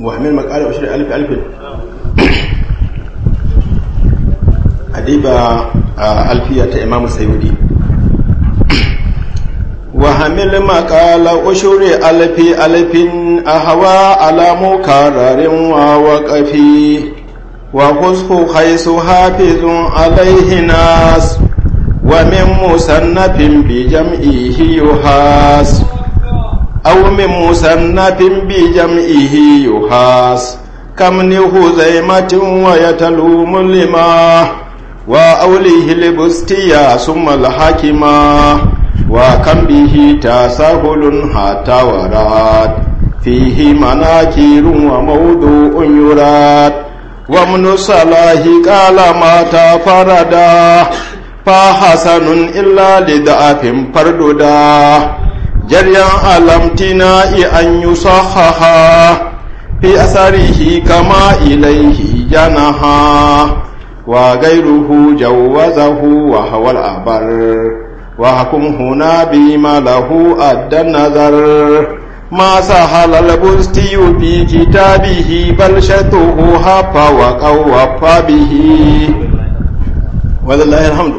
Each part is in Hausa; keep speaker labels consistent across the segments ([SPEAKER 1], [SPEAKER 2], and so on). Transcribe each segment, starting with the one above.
[SPEAKER 1] muhammed makarar bashir alif-alifin adiba alfiya ta imamu sayudi wahamil makala ushuri alfi alfin a hawa alamu kararin wa kafi wa husfu haisu hafizun alaihi nas wa min musannafin bi jam'ihi yuhas aw min musannafin bi jam'ihi yuhas kam ni huzaimatin wa yatalumu lima wa aulihi libustiya summa alhakima wa kam bihi tasahulun hatta warat fihi manakirun wa mawdu'un yurat wa min salahi qala ma ta farada fa hasanun illa lidafin farduda جريا على امتناء أن يصحها في أثره كما إليه جنها وغيره جوزه وهو الأبر وحكم هنا بما له أدى النظر ما سهل البستي في كتابه بل شته هب وقوف به ولله الحمد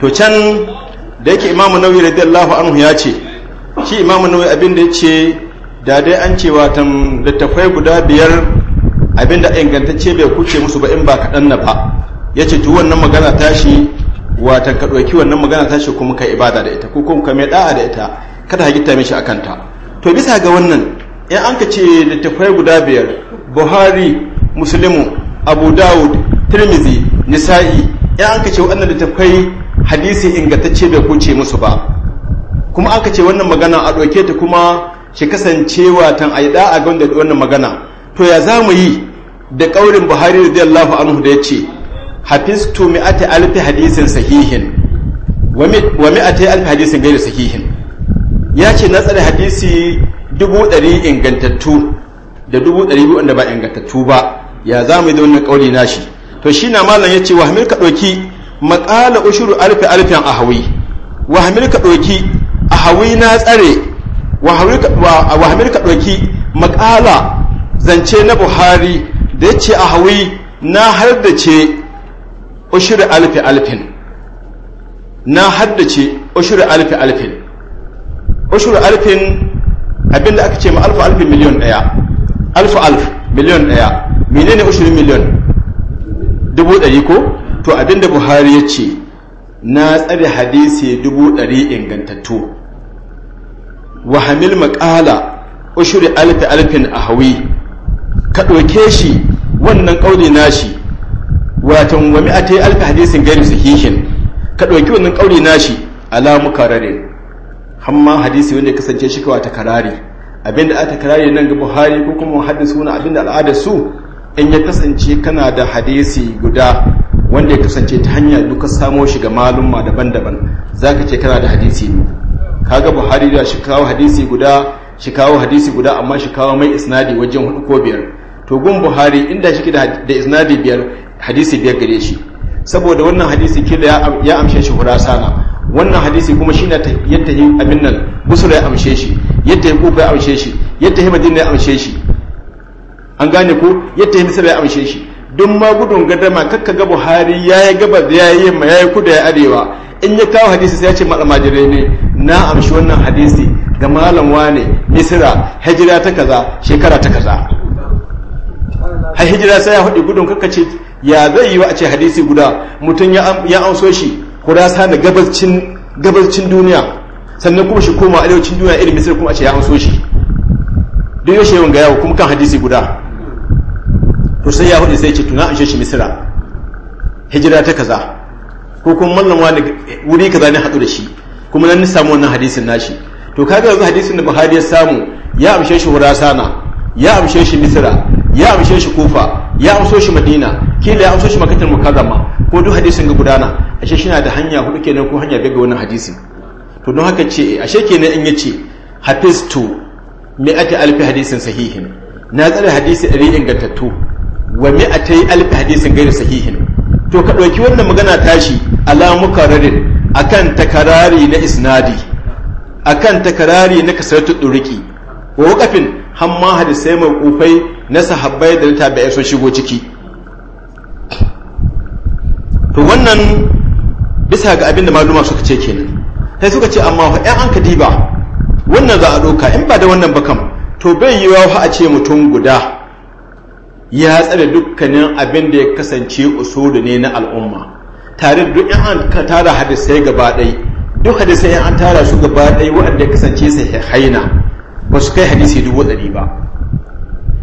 [SPEAKER 1] to can da yake imamu nauyi radiyallahu anhu ya ce shi imamu nauyi abin da ya ce da dai an ce watan littafai guda biyar abin da ingantacce bai kuce musu ba in ba kaɗan na ba ya ce tu wannan magana tashi watan ka ɗauki wannan magana tashi kuma ka ibada da ita ko kuma ka mai da'a da ita kada ka gita mishi akan ta to bisa ga wannan in an ka ce littafai guda biyar buhari muslimu abu dawud tirmizi nisa'i in an ka ce waɗannan littafai hadisi ingantacce bai kuce musu ba kuma aka ce wannan magana a ɗauke ta kuma shi kasancewa tan a yi a ga wannan magana to ya za mu yi da ƙaurin buhari da radiyallahu anhu da ya ce hafistu mi'ati alfi hadisin sahihin wa mi'ati alfi hadisin gairu sahihin ya ce na tsare hadisi dubu ɗari ingantattu da dubu ɗari biyu wanda ba ingantattu ba ya za mu yi da wannan ƙauri nashi to shi na malam ya ce wa hamil ka ɗauki maƙala ushuru alfi alfin ahawi wa hamil ka ɗauki ahawi na tsare wa hamil ka ɗauki maƙala zance na buhari da ya ce ahawi na haddace ushuru alfi alfin na haddace ushuru alfi alfin ushuru alfin abinda aka ce ma alfu alfi miliyon daya alfu alf miliyon daya menene ushuru miliyon dubu dari ko to abinda buhari ya ce na tsare hadisi dubu ɗari ingantattu wa hamil maƙala ushuri alfi alfin a hawi ka ɗauke shi wannan ƙauli nashi watan wami a ta yi alfi hadisin gari sahihin ka ɗauki wannan ƙauli nashi alamu kararin hamma hadisi wanda ya kasance shi kawai ta karari abinda aka karari nan ga buhari ko kuma hadin wani abinda al'ada su in ya kasance kana da hadisi guda wanda ya kasance ta hanyar duka samo shi ga malumma daban-daban za ka ce kana da hadisi ne kaga buhari da shi kawo hadisi guda shi kawo hadisi guda amma shi kawo mai isnadi wajen hudu ko biyar to gun buhari inda shi da isnadi biyar hadisi biyar gare shi saboda wannan hadisi kila ya amshe shi hurasana wannan hadisi kuma shi yadda yi abin nan busura ya amshe shi yadda yi kuka ya amshe shi yadda yi madina ya amshe shi an gane ko yadda yi misira ya amshe shi duk ma gudun gadama kakka ga buhari ya yi da ya yi yamma ya yi kuda ya arewa in ya kawo hadisi sai ya ce malamajirai ne na amshi wannan hadisi ga malam wane misira hijira ta kaza shekara ta kaza har hijira sai ya hudu gudun kakka ce ya zai yi wa a ce hadisi guda mutum ya amso shi sa da gabacin duniya sannan kuma shi koma arewacin duniya irin misira kuma a ce ya amso shi duk yau yawan ga yawo kuma kan hadisi guda to sai ya hudu sai ce tuna an shi misira hijira ta kaza ko kuma mallan wani wuri kaza ne haɗu da shi kuma nan ni samu wannan hadisin nashi to kaga yanzu hadisin da Buhari ya samu ya amshe shi Hurasana ya amshe shi Misra ya amshe shi Kufa ya amso shi Madina kila ya amso shi Makkatul Mukarrama ko duk hadisin ga gudana ashe shi na da hanya hudu kenan ko hanya ga wannan hadisin to don haka ce ashe kenan in yace mai ake alfi hadisin sahihin na tsare hadisi ɗari ingantattu wa mi'atai alif hadisin gairu sahihin to ka ɗauki wannan magana tashi ala mukarrarin akan takarari na isnadi akan takarari na kasartu duriki wa wakafin hamma hadisai mai kufai na sahabbai da tabi'ai sun shigo ciki to wannan bisa ga abin da maluma suka ce kenan sai suka ce amma fa ɗan an ka diba wannan za a ɗauka in ba da wannan ba to bai yi wa a ce mutum guda ya tsare dukkanin abin da ya kasance usulu ne na al'umma tare duk in an tara hadisai gaba ɗai duk hadisai an tara su gaba ɗai waɗanda ya kasance haina ba su kai hadisi dubu ɗari ba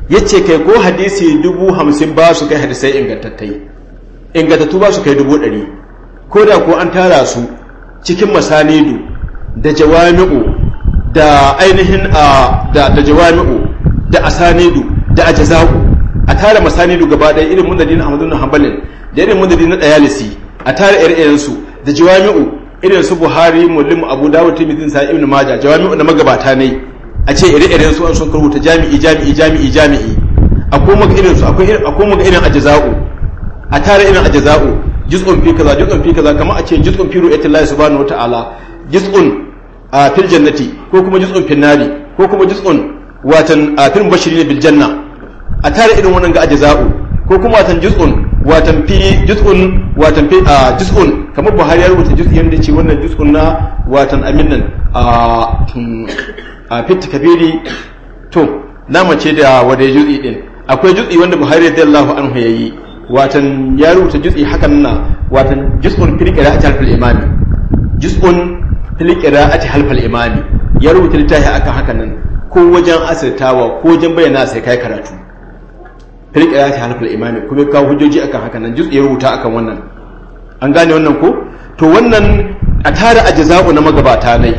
[SPEAKER 1] ya ce kai ko hadisi dubu hamsin ba su kai hadisai ingantattai ingantattu ba su kai dubu ɗari ko da ko an tara su cikin masanidu da jawami'u da ainihin da jawami'u da asanidu da ajaza'u a tare masani masanidu gaba ɗaya irin mudadin ahmadu na hanbalin da irin mudadin na dayalisi a tare ire su da jawami'u irin su buhari mulim abu dawud timidin sa ibnu maja jawami'u na magabata ne a ce ire-iren su an sun karbuta jami'i jami'i jami'i jami'i akwai maka irin su akwai maka irin ajaza'u a tare irin ajaza'u juz'un fi kaza juz'un fi kaza kamar a ce juz'un fi ru'yatillahi subhanahu wata'ala juz'un a fil jannati ko kuma juz'un fil nari ko kuma juz'un watan a fil bashirin bil janna a tare irin wannan ga ajza'u ko kuma watan juz'un watan fi juz'un watan fi ah, juz'un kamar Buhari ya rubuta juz'i yanda ce wannan juz'un na watan amin nan a ah, ah, fit kabiri to namace da wadai juz'i din akwai juz'i wanda Buhari radiyallahu anhu yayi watan ya rubuta juz'i hakan na watan juz'un fil qira'ati al imami juz'un fil qira'ati al imami ya rubuta littafi akan hakan nan ko wajen asirtawa ko wajen bayyana sai kai karatu fil qira'ati halafal imami kuma kawo hujjoji akan haka nan ya rubuta akan wannan an gane wannan ko to wannan a tara ajza'u na magabata ne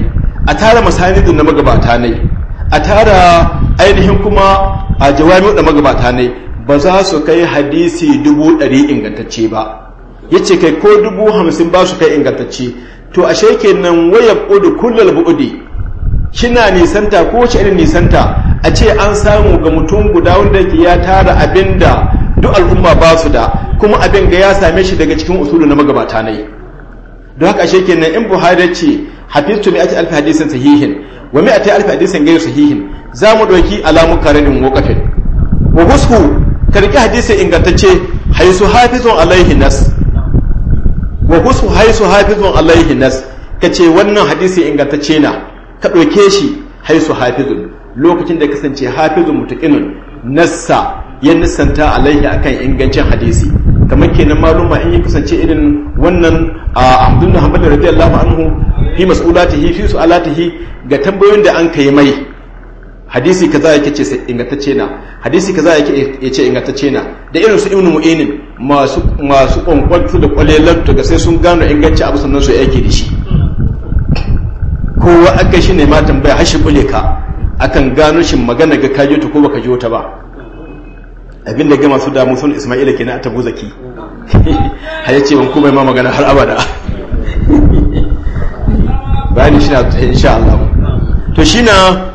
[SPEAKER 1] a tara masanidu na magabata ne a tara ainihin kuma a jawami da magabata ne ba za su kai hadisi dubu ɗari ingantacce ba ya ce kai ko dubu hamsin ba su kai ingantacce to ashe kenan waya ƙudu kullal shi kina nisanta ko wace irin nisanta a ce an samu ga mutum guda wanda yake ya tara abin da duk al'umma ba su da kuma abin ga ya same shi daga cikin usulu na magabata ne don haka shi kenan in buhari ce hafiztu mi ake alfi hadisin sahihin wa mi ati alfi hadisin gairu sahihin za mu ɗauki alamu karadin wakafin wa husku karki hadisin ingantacce haisu hafizun alaihi nas wa husku haisu hafizun alaihi nas ka ce wannan hadisi ingantacce na ka ɗauke shi haisu hafizun lokacin da kasance hafizu mutaqinun nassa ya nisanta alaihi akan ingancin hadisi kamar kenan maluma in ya kasance irin wannan a Ahmad bin Hanbal radiyallahu anhu fi mas'ulatihi fi su'alatihi ga tambayoyin da an kai mai hadisi kaza yake ce ingantacce na hadisi kaza yake yace ingantacce na da irin su Ibn Mu'inin masu masu kwankwantu da kwalelan daga sai sun gano inganci abu sannan su yake da shi kowa aka shi ne ma tambaya har shi kule ka akan gano shin magana ga kajo ta ko baka jiyo ta ba abin da ga masu damu sun Isma'ila kenan a tabu zaki har ce ban kuma ma magana har abada bayani shi na insha Allah to shi na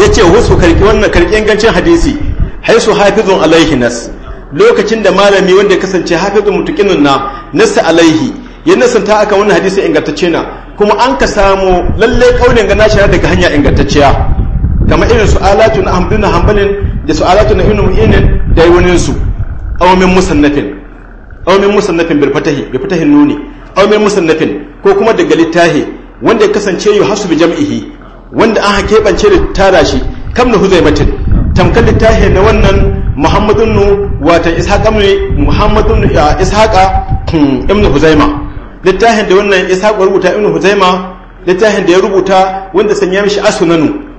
[SPEAKER 1] yace wasu karki wannan karki ingancin hadisi haisu hafizun alaihi nas lokacin da malami wanda ya kasance hafizun mutuqinun na nasa alaihi ya nasanta aka wannan hadisi ingantacce na kuma an ka samu lalle kaunin ga nashi daga hanya ingantacciya kamar irin su alatu na hamdu na hambalin da su alatu na inu mu'inin da wani su aumin musannafin aumin musannafin birfatahi fatahi bi nuni aumin musannafin ko kuma daga littahi wanda ya kasance yu hasu bi jam'ihi wanda an hakebance da tara shi kam na batin tamkar littahi na wannan muhammadun nu ishaƙa ishaqa muhammadun ishaqa hmm, ibnu huzaima littahin da wannan ishaqa rubuta ibnu huzaima littafin da ya rubuta wanda sanya mishi asunanu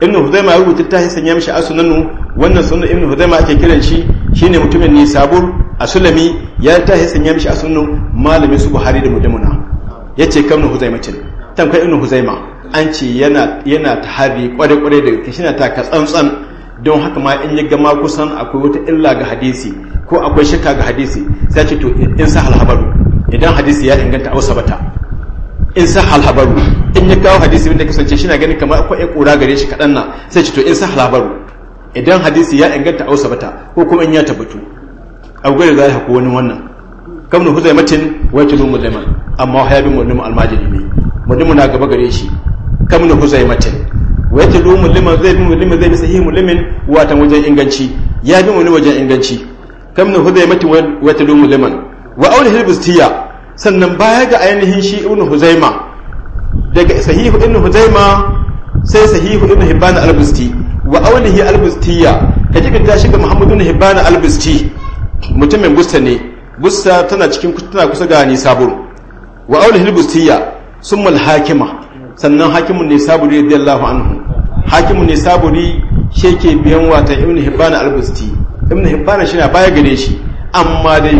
[SPEAKER 1] ibn huzaima rubuta ta sanya mishi asunanu wannan sunan ibn huzaima ake kiran shi shine mutumin ne sabur a sulami ya ta sanya mishi asunanu malami su buhari da mudamuna yace kamnu huzaimatin tamka ibn huzaima an ce yana yana hari kware kware da gaske shi na taka tsantsan don haka ma in ya gama kusan akwai wata illa ga hadisi ko akwai shakka ga hadisi sai ce to in sa alhabaru idan hadisi ya inganta au sabata in sa halhabaru in ya kawo hadisi wanda kasance shi na ganin kamar akwai ƙura gare shi kaɗan na sai ce to in sa halhabaru idan hadisi ya inganta ausa bata ko kuma in ya tabbatu abu gwai za a haku wani wannan kam na huzai matin wata bin mulman amma haya bin nima almajiri ne mulman na gaba gare shi kam na huzai matin wata bin mulman zai bin mulman zai bi mu mulman watan wajen inganci ya bi wani wajen inganci kam na huzai matin wata bin mulman wa aure hilbustiya sannan baya ga ainihin shi ibn huzaima daga sahihu ibn huzaima sai sahihu ibn hibban al-busti wa awlihi al-bustiya kaje ka tashi ga muhammad ibn hibban al-busti mutumin busta ne busta tana cikin tana kusa ga ni sabur wa awlihi al-bustiya summa al-hakima sannan hakimun ne saburi radiyallahu anhu hakimun ne saburi sheke biyan wata ibn hibban al-busti ibn hibban shi na baya gare shi amma da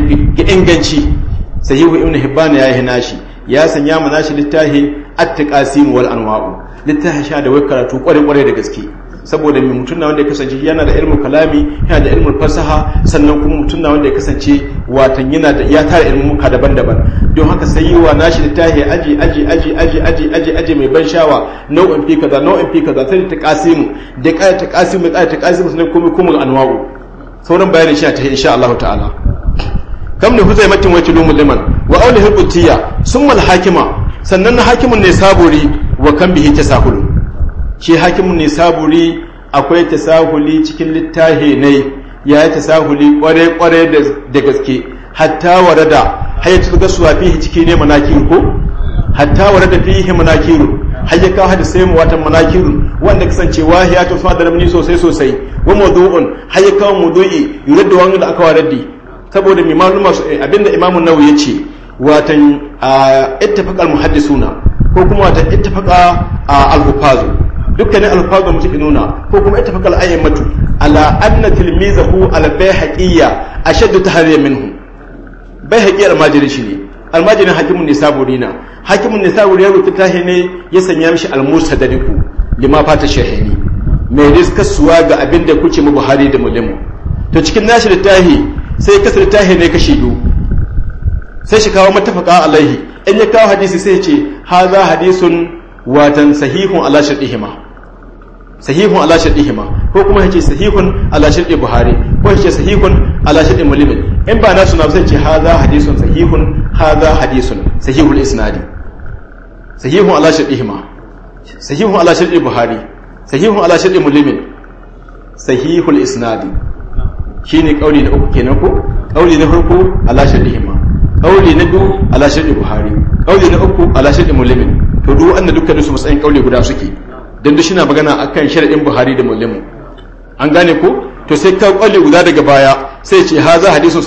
[SPEAKER 1] inganci sahihu ibn hibban ya yi nashi ya sanya mana shi littahi at-taqasim wal anwa'u littahi sha da wai karatu kware kware da gaske saboda mai mutum na wanda ya kasance yana da ilmin kalami yana da ilmin fasaha sannan kuma mutum na wanda ya kasance watan yana da ya tara ilmin muka daban-daban don haka sai yi wa nashi littahi aji aji aji aji aji aji aji mai ban shawa nau'in fi kaza nau'in fi kaza sai ta kasimu da kai ta kasimu da ta kasimu sannan kuma kuma anwa'u sauran bayanin shi ta insha Allah ta'ala kam da huzai matin wai kilu liman wa auli sun summa hakima sannan na hakimun ne saburi wa kan bihi tasahulu shi hakimun ne saburi akwai tasahuli cikin littahi ne ya yi tasahuli kware kware da gaske hatta warada hayatu ga fihi cikin ne manakiru ko hatta warada fihi manakiru har ya hada sai mu watan manakiru wanda kasance wahiya to fa sosai sosai wa mawdu'un har ya kawo mawdu'i yuraddu wani da aka waradi saboda mai maluma eh, abinda imamun nawawi ya ce watan ittafaqa almuhaddisuna ko kuma watan ittafaqa alhufazu dukkanin alfazu musu nuna ko kuma ittafaqa matu. ala anna tilmizahu albayhaqiyya ashaddu tahriyan minhu bayhaqi almajiri shi ne almajirin hakimun nisaburi na hakimun nisaburi ya rubuta tahi ne ya sanya mishi almusa da riku lima fata shahini mai riskar suwa ga abin da kuke mu buhari da mulimu to cikin nashi tahi sai kasar tahir ne kashi biyu sai shi kawo matafaka alaihi in ya kawo hadisi sai ce haza hadisun watan sahihun ala shaddihima sahihun ala shaddihima ko kuma yace sahihun ala shaddi buhari ko yace sahihun ala shaddi muslim in ba nasu na sai ce haza hadisun sahihun haza hadisun sahihun isnadi sahihun ala shaddihima sahihun ala shaddi buhari sahihun ala shaddi muslim Sahihun isnadi ne kauli na uku kenan ko kauli na farko alashar sharri imam na biyu alashar da buhari kauli na uku alashar da mulimin to duk wanda dukkan su matsayin kauli guda suke don duk shina magana kan sharadin buhari da mulimin an gane ko to sai ka kauli guda daga baya sai ce haza hadisun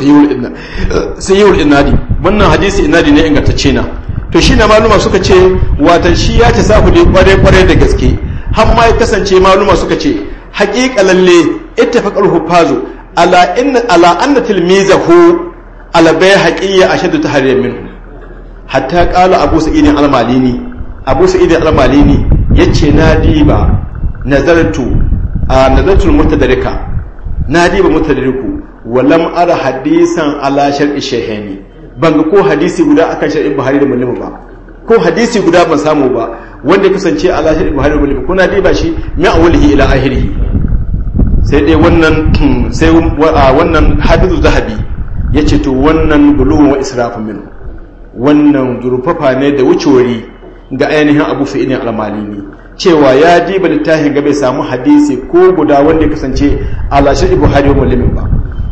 [SPEAKER 1] sahihul inna inadi wannan hadisi inadi ne ingantacce na to shi na maluma suka ce watan shi ya ci ku ne kwarai kwarai da gaske har ma ya kasance maluma suka ce haƙiƙa lalle ita ittafaqal hufazu ala inna ala anna tilmizahu al bayhaqi ashadu tahriyan minhu hatta qala abu sa'id al-malini abu sa'id al-malini yace na diba nazartu a nazartu mutadarika na diba mutadariku walam ara hadisan ala shar'i shehani ban ga ko hadisi guda akan shar'in buhari da muslim ba ko hadisi guda ban samu ba wanda kasance ala shar'i buhari da muslim kuna diba shi min awlihi ila ahirihi sai dai wannan sai um, wannan hafizu zahabi yace ce to wannan bulugun wa israfu min wannan zurfafa ne da wucewari ga ainihin abu fi'ilin almalini cewa ya ba littafin ga bai samu hadisi ko guda wanda ya kasance alashir ibu buhari wa mulmin ba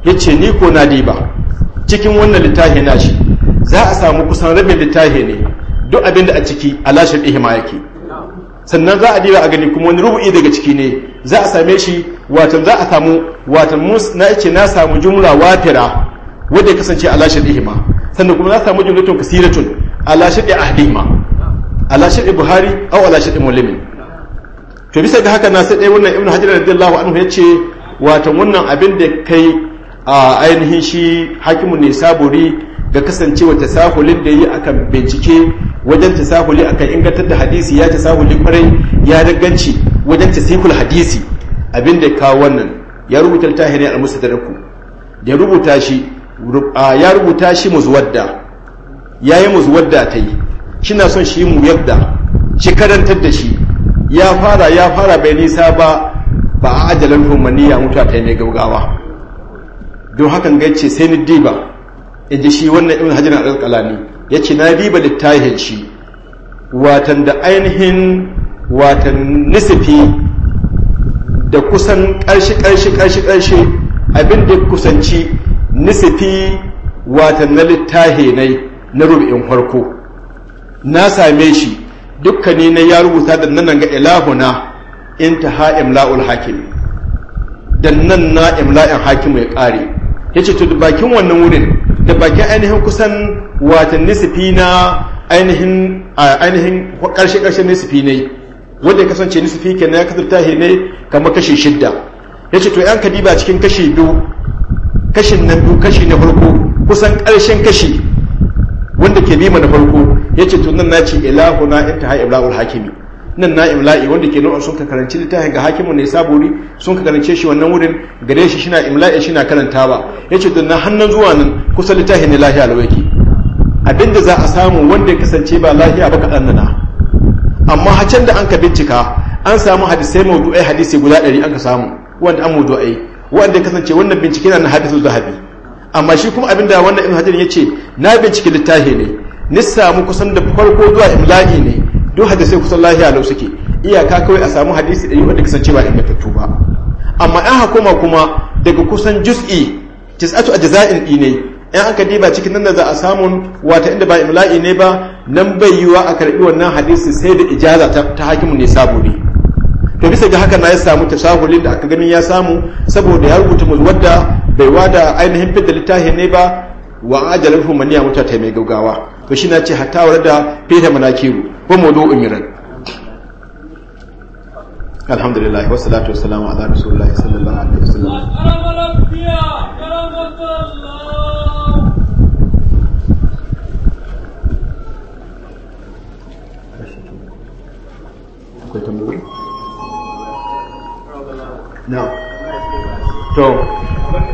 [SPEAKER 1] ya ni ko na ba cikin wannan littafi na shi za a samu kusan rabin littafi ne duk abin da a ciki alashir ihima yake sannan za a diba a gani kuma wani rubu'i daga ciki ne za a same shi watan za a samu watan mus na ce na samu jumla wafira wadda ya kasance ala ihima sannan kuma na samu jumlatun kasiratun ala shirih a lashe shirih buhari aw lashe shirih mulimin to bisa ga haka na sai dai wannan ibnu hajar an anhu ce watan wannan abin da kai a ainihin shi hakimun ne saburi ga kasancewa tasahulin da yi akan bincike wajen tasahuli akan ingantar da hadisi ya tasahuli kwarai ya danganci wajen tasikul hadisi abinda ya kawo wannan ya rubuta littafin al mustadrakku da rubuta shi ya rubuta shi muzwadda yayi muzwadda ta yi kina son shi mu yadda shi karantar da shi ya fara ya fara bai nisa ba ba a ajalan humaniya mutuwa ta yi mai gaugawa don hakan ga ce sai ni diba in ji shi wannan ibn hajjar al-qalani yace na diba littafin shi watan da ainihin Wata nisifi da kusan ƙarshe ƙarshe ƙarshe ƙarshe abin da kusanci nisifi wata na littahi ne na rubin farko na same shi dukkani na ya rubuta da nan ga ilahuna in ta ha'im la'ul hakimi da nan na imla'in hakim ya ƙare ya ce to da bakin wannan wurin da bakin ainihin kusan wata nisifi na ainihin ainihin ƙarshe ƙarshen nisifi ne wanda ya kasance nisfi kenan ya kasar tahe ne kamar kashi shidda ce to yan kadiba cikin kashi biyu kashin na biyu kashi na farko kusan karshen kashi wanda ke bima na farko ya ce to nan na na ita intaha ibrahul hakimi nan na imla'i wanda ke nan sun ka karanci littafin ga hakimin ne saburi sun ka karance shi wannan wurin gare shi shina imla'i shina karantawa ce to na hannun zuwa nan kusan ta ne lahiya alwaki abinda za a samu wanda ya kasance ba lahiya ba kaɗan na amma hacen da an ka bincika an samu hadisai mawdu'ai hadisi guda ɗari an ka samu wanda an mawdu'ai wanda ya kasance wannan bincike na hadisu zahabi amma shi kuma abinda wannan ibn hajar ya ce na bincike littafi ne ni samu kusan da farko zuwa imla'i ne duk hadisai kusan lahiya lau suke iyaka kawai a samu hadisi ɗari wanda kasance ba ingantattu ba amma an hakuma kuma daga kusan juz'i tis'atu ajza'in ne in an ka diba cikin nan da za a samun wata inda ba imla'i ne ba nan bai yiwa a karbi wannan hadisi sai da ijaza ta hakimu ne saburi to bisa ga haka na ya samu tasahulin da aka ganin ya samu saboda ya rubuta wadda bai wada ainihin fidda littafi ne ba wa ajalar humaniya ta mai gaugawa to shi na ce hattawar da fita manakiru ba mu do umiran alhamdulillah wasu salatu wasu salamu ala rasulullahi sallallahu alaihi wasallam akwai tambayoyi na to